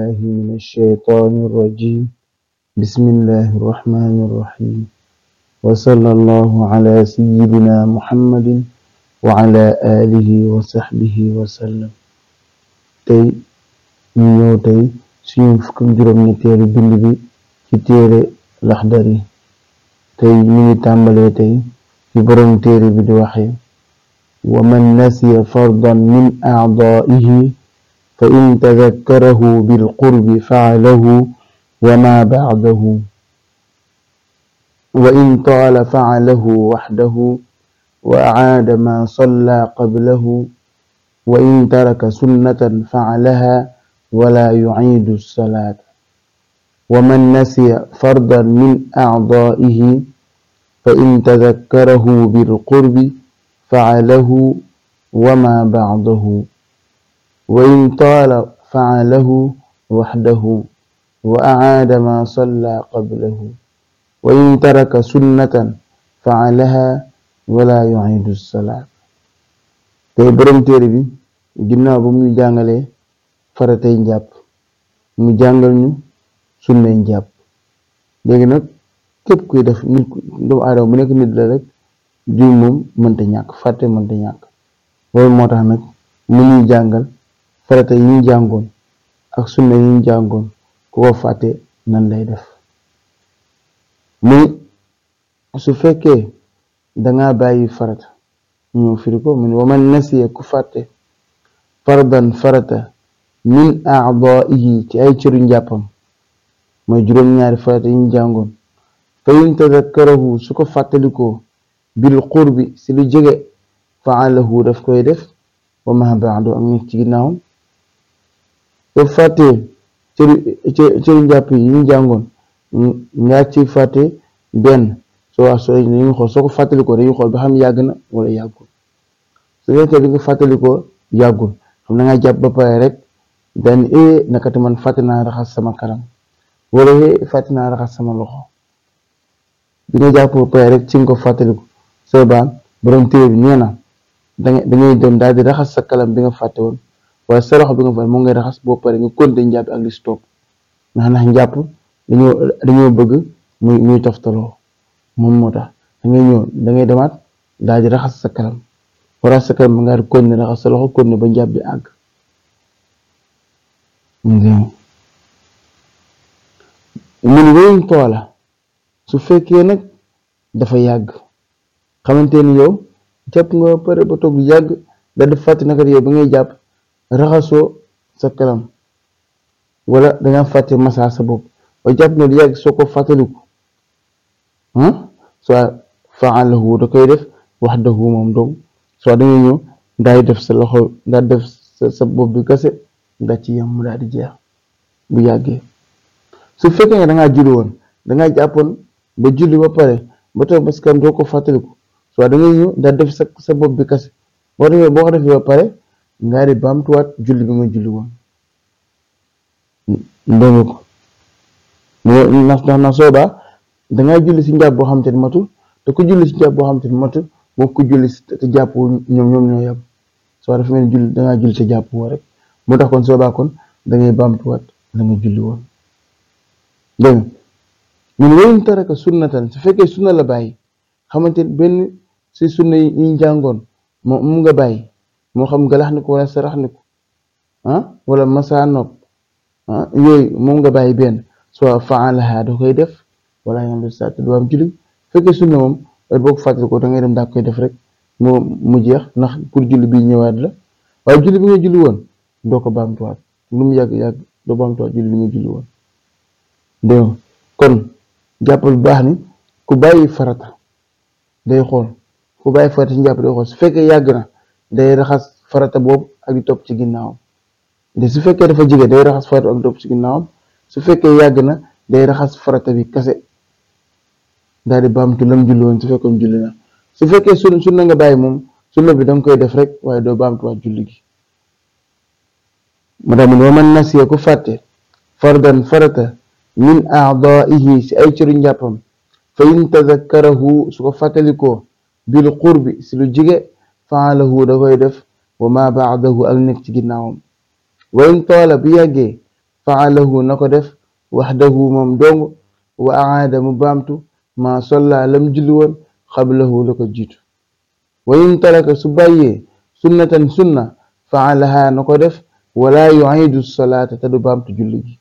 الله من الشيطان الرجيم بسم الله الرحمن الرحيم وصلى الله على سيدنا محمد وعلى آله وصحبه وسلم tey ñu ñëw tey suñu fukki juróom-ñetteelu bind bi ci téere Laxdari tey ñu ngi tàmbalee tey fi borom téere bi di waxe wa man nasiya fardan min a'daa'ihi فإن تذكره بالقرب فعله وما بعده وإن طال فعله وحده وأعاد ما صلى قبله وإن ترك سنة فعلها ولا يعيد الصلاة ومن نسي فردا من أعضائه فإن تذكره بالقرب فعله وما بعده وإن طال فعله وحده وأعاد ما صلى قبله وإن ترك سنة فعلها ولا يعيد الصلاة tey borom téere bi ginnaaw ba mu jàngalee faratay jàpp mu jàngal ñu sunnay jàpp léegi nag képp kuy def nit aadama bu nekk nit la rek juum moom mënta ñàkk fàtte mënta ñàkk loolu moo tax nag mu ñuy jàngal farata yi ñu jàngoon ak sunna yi ñu jàngoon ko fàtte nan lay def mu su fekkee danga bàyyi farata ñu firi ko mu ne wa man nasiya ku fàtte fardan farata min a'daa'ihi ci ay cëru njàppam mooy juróom-ñaari farata yi ñu jàngoon fa in tadakkarahu su ko fàttalikoo bil qurbi si lu jege fa'alahu daf koy def wa ma ba'du am ci ginnaawam soo fàttee cëri njàpp yi ñu jàngoon ñaar ci fàtte benn soo waa soo dañuy xool soo ko fàttalikoo dañuy xool ba xam yàgg na wala yàggul su fekkee bi nga fàttalikoo yàggul xam na nga jàpp ba pare rek daan ee eh, nakati man fàtte naa raxas sama kanam wala ee eh, fàtte naa raxas sama loxo bi nga jàpp ba pare rek ci nga ko fàttaliku soo baan borom téere bi nee na dem daal di raxas sa kalam bi nga fàtte woon waaye sa loxo bi nga fay moom ngay raxas boo pare nga continuer njàpp ak li si topp ndax ndax njàpp dañoo bëgg muy muy toftaloo moom moo tax dangay ngay ñëw da demaat daal di raxas sa kanam wala sa kanam nga di continuer raxas sa loxo ba njàpp bi àgg. mun wéyum toola su fekkee nag dafa yàgg xamante ni yow jàpp nga pare ba toog yàgg da def fàtte naka yow ba ngay jàpp. raxasoo sa kanam wala danga fàtte masa sa bopp ba jàpp ne yàgg soo ko fàttaliku hmm? soit fa'alahu koy def wahdahu moom dong soit da ngay ñëw daay def sa loxo daal def sa bopp bi kese da ci yam mu daal di jeex bu yàggee su fekkee ne dangaa julli dangaa jàppoon ba julli ba pare ba toog parce ko fàttaliku soo da ñëw daal def sa sa bopp bi kese boo defee boo ko defee ba pare nga di baamtuwaat julli bi ma julli woon dégg nga ko nas ndax na sooba dangaa julli si njàpp boo xam te matu matul ko ku julli si njàpp boo xam te ne matul moom ku julli te jàpp ñoom ñoom soo dafa mel julli dangaa julli te jàpp woo rek moo tax kon sooba kon dangay baamtuwaat la nga julli woon dégg nga ñun wayin taraka sunnatan su fekkee sunna la bàyyi xamante benn si sunna yi ñu jàngoon moom nga bàyyi moo xam galaxniku wala ko ah wala masaanob ah yooyu moom nga bàyyi benn soit faalaha da koy def wala yamdu saat du am julli moom heure boo ko fàttali da ngay dem daa koy def rek mu mu jeex ndax pour julli bi ñëwaat la waaye julli bi nga julli woon doo ko baamtuwaat lu mu yàgg yàgg doo baamtuwaat baax ni ku bàyyi farata day xool ku bàyyi farata ci njàpp day xool su fekkee yàgg na day raxas farata boobu ak di topp ci ginnaawam de su fekkee dafa jege day raxas farata ci ginnaawam su fekkee yàgg na day raxas farata bi kase daal di baamtu lam julli woon su fekkoon julli na su fekkee sun sunna nga bàyyi moom sunna bi danga koy def rek waaye doo baamtuwaat julli gi ma daamul wa man nasiya ku fàtte fardan farata min aadaihi si ay cëru njàppam fa in tazakkarahu su ko fàttalikoo bil qurbi si lu jige faalahu da def wa ma baadahu ak nekk ci ginnaawam wa in toola bu yàggee faalahu na def waxdahu moom dong wa aada mu baamtu ma solla lam julli woon xablahu la ko jiitu wa in taraka su sunnatan sunna faalaha na ko def wala yuidu solaata te du baamtu julli gi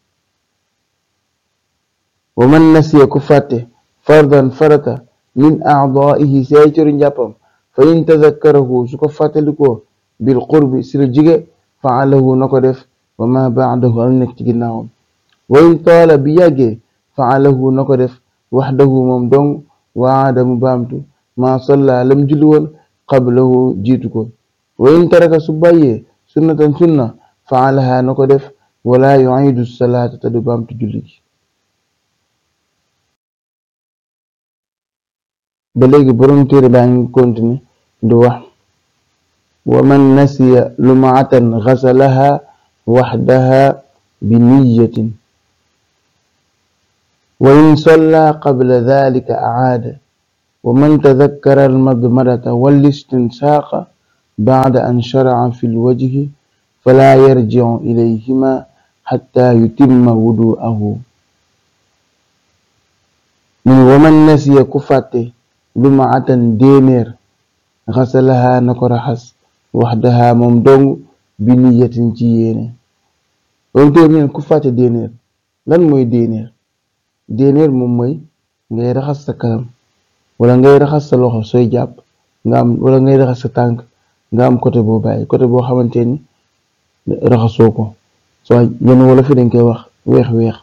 wa man nasiya ku fàtte fardan farata min aadaihi say cëru njàppam fa in tadakkarahu su ko fàttalikoo bil qurbi si lu jige faalahu na ko def wa ma baadahu al nekk ci ginnaawam wa in taala bi yàggee faalahu na ko def waxdahu moom dong waada mu baamtu ma salla lam julli woon qablahu jiitu ko wa in taraka su bàyyee sunnatan sunna faalaha na ko def wala yuidu salaata te du baamtu julli ji ba léegi borom téere baa ngi continue du wax wa man nasiya lumaatan xasalaha waxdaha bi niyatin wa in salla qabla dalika acaada wa man tadakkara almadmadata walistinsaqa bacda an sharaca fi lwajhi falaa yarjicu ilayhima xataa yutimma wudu'ahu min wa man nasiya ku fàtte lumaatan déeméer xasalaha na ko raxas wax waxdaha moom dong bi niyatin ci yéene loolu doo ku fàtte déenéer lan mooy déenéer déenéer moom mooy ngay raxas sa karam wala ngay raxas sa loxo sooy jàpp nga am wala ngay raxas sa tànk nga am côté boo bàyyi côté boo xamante ni raxasoo ko so yenn wala fi dañ koy wax weex-weex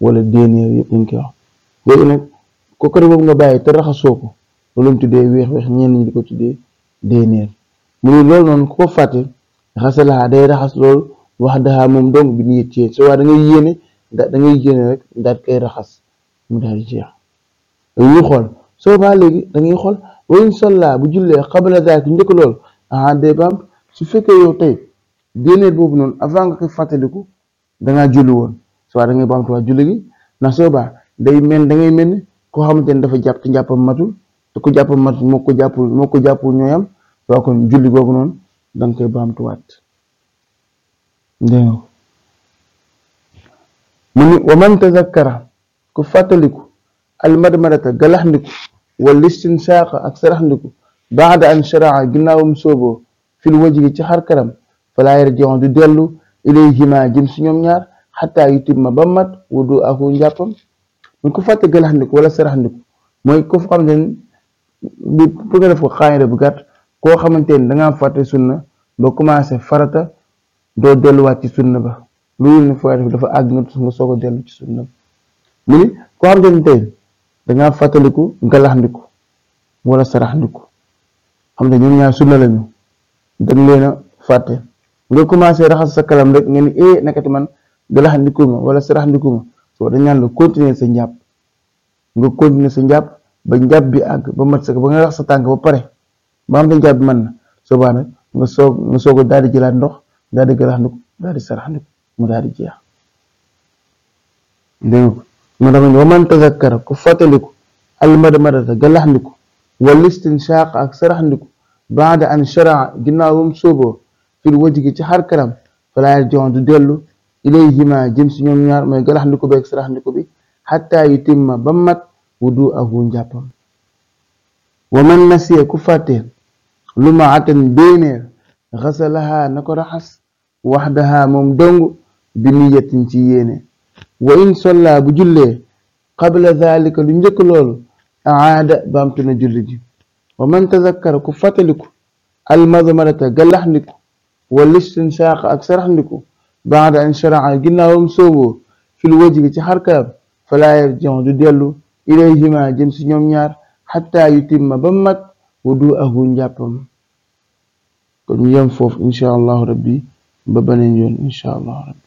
wala déenéer yëpp koy wax léegi nag ko côté boobu nga bàyyi te raxasoo ko loolu mu weex-weex ñenn di ko tuddee day néew mu ne loolu noonu ku ko fàtte xasalaha day raxas loolu wax daxaa moom dong bi nii ci su waa da ngay rek daal raxas mu daal di xool soo baa léegi xool wa bu jullee qabla daak njëkk loolu ah day baam su fekkee yow tey boobu noonu avant nga fàttaliku da ngaa woon su waa da ngay baamtuwaat day mel da ngay mel ni koo xamante ne dafa jàpp te njàppam matul te ku jàpp mat moo ko jàppul moo ko jàppul ñooyam waa kon julli googu noonu da nga koy baamtuwaat dégg nga mu ni wa man tazakkara ku fàttaliku almadmadata galaxndiku wal istinsaaqa ak saraxndiku baada an sharaa ginnaawam sooboo fil wajhi ci xar karam falaa yarji'u du dellu ilayhima jëm si ñoom ñaar xataa yutimma ba mat wudu aku njàppam mu ku fàtte galaxndiku wala saraxndiku mooy ko xam ne bi pour nga def ko xaayira bu gàtt koo xamante ni dangaa fàtte sunna ba commencé farata doo delluwaat ci sunna ba loolu ne farata bi dafa àgg nga soog a dellu ci sunna ba mu ni koo dangaa fàttaliku galaxndiku wala saraxndiku xam ne ñoom ñaar sunna lañu dañ leen a fàtte nga commencé raxas sa kalam rek nga ni eh nekkati man galaxndiku ma wala saraxndiku ma soo dañ continuer sa njàpp nga continuer sa njàpp ba njàpp bi àgg ba mat sëkk ba nga raxas sa tànk ba pare ba am na njàpp bi mën soog nga soog daal di jëlaat ndox daal di gëlaxandiku daal di mu daal di jeex dégg nga mu dama ñu waman tazakkara ku fàttaliku almadamadata galaxandiku wala istinshaaq ak saraxandiku baada an sharaa ginnaaw ba mu sooboo fil wajhi gi ci xar kanam falaa yarji'u du dellu ilayhimaa jëm si ñoom ñaar mooy galaxandiku beeg saraxandiku bi xataa yutimma ba mat wudu'ahu njàppam wa man nasiya ku fàtte lu ma atan béenéer xasalaha na ko raxas waxdaha moom dong bi niyatin ci yéene wa in solla bu jullee qabla dhalika lu njëkk loolu aada baamtu na julli ji wa man tazakkara ku fàttaliku almadmarata gallaxndiku wal istinshaaq ak saraxndiku baada an sharaca ginnaawam sooboo fil wajhi ci xarkaab falaa yarjicu du dellu ilayhima jëm si ñoom ñaar xataa yutimma ba mat wudu ahu njàppam kon ñu yem foofu incha allahu rabbi ba beneen yoon incha allahu rabbi